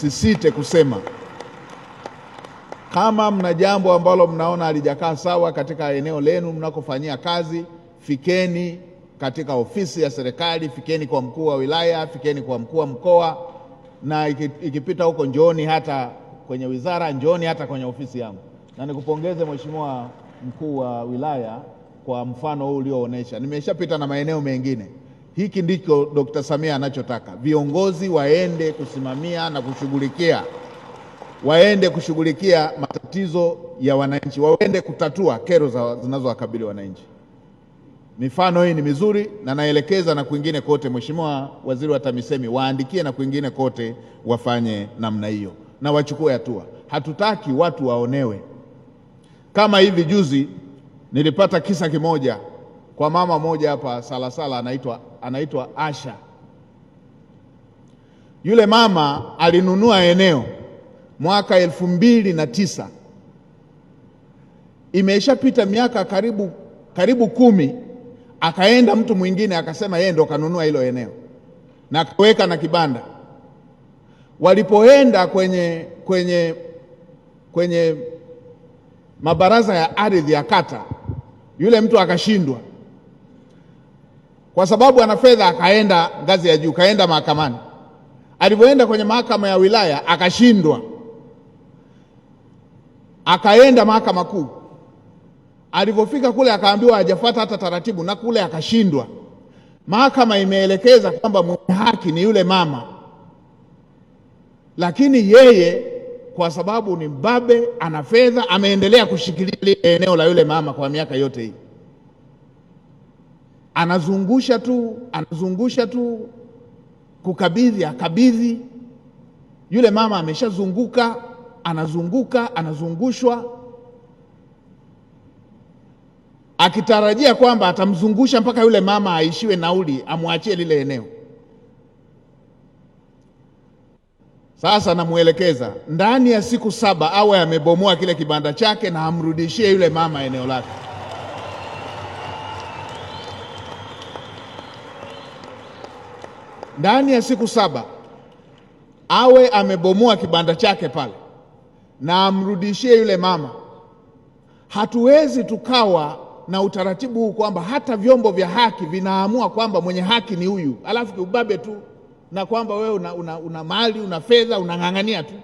Sisite kusema kama mna jambo ambalo mnaona halijakaa sawa katika eneo lenu mnakofanyia kazi, fikeni katika ofisi ya serikali, fikeni kwa mkuu wa wilaya, fikeni kwa mkuu wa mkoa, na ikipita huko njooni hata kwenye wizara, njooni hata kwenye ofisi yangu. Na nikupongeze Mheshimiwa mkuu wa wilaya kwa mfano huu ulioonesha. Nimeshapita na maeneo mengine. Hiki ndicho Dkt. Samia anachotaka, viongozi waende kusimamia na kushughulikia, waende kushughulikia matatizo ya wananchi, waende kutatua kero zinazowakabili wananchi. Mifano hii ni mizuri na naelekeza na kwingine kote. Mheshimiwa Waziri wa TAMISEMI, waandikie na kwingine kote wafanye namna hiyo na wachukue hatua. Hatutaki watu waonewe. Kama hivi juzi nilipata kisa kimoja kwa mama moja hapa Salasala anaitwa anaitwa Asha. Yule mama alinunua eneo mwaka elfu mbili na tisa. Imeshapita miaka karibu, karibu kumi. Akaenda mtu mwingine akasema yeye ndo kanunua hilo eneo na kaweka na kibanda. Walipoenda kwenye, kwenye, kwenye mabaraza ya ardhi ya kata, yule mtu akashindwa kwa sababu ana fedha, akaenda ngazi ya juu, kaenda mahakamani. Alipoenda kwenye mahakama ya wilaya akashindwa, akaenda mahakama kuu. Alipofika kule akaambiwa hajafuata hata taratibu, na kule akashindwa. Mahakama imeelekeza kwamba mwenye haki ni yule mama, lakini yeye kwa sababu ni mbabe, ana fedha, ameendelea kushikilia lile eneo la yule mama kwa miaka yote hii anazungusha tu anazungusha tu, kukabidhi akabidhi, yule mama ameshazunguka, anazunguka, anazungushwa, akitarajia kwamba atamzungusha mpaka yule mama aishiwe nauli, amwachie lile eneo. Sasa namwelekeza ndani ya siku saba awe amebomoa kile kibanda chake na amrudishie yule mama eneo lake. ndani ya siku saba awe amebomoa kibanda chake pale na amrudishie yule mama. Hatuwezi tukawa na utaratibu huu kwamba hata vyombo vya haki vinaamua kwamba mwenye haki ni huyu, alafu kiubabe tu na kwamba wewe una, una, una mali una fedha unang'ang'ania tu.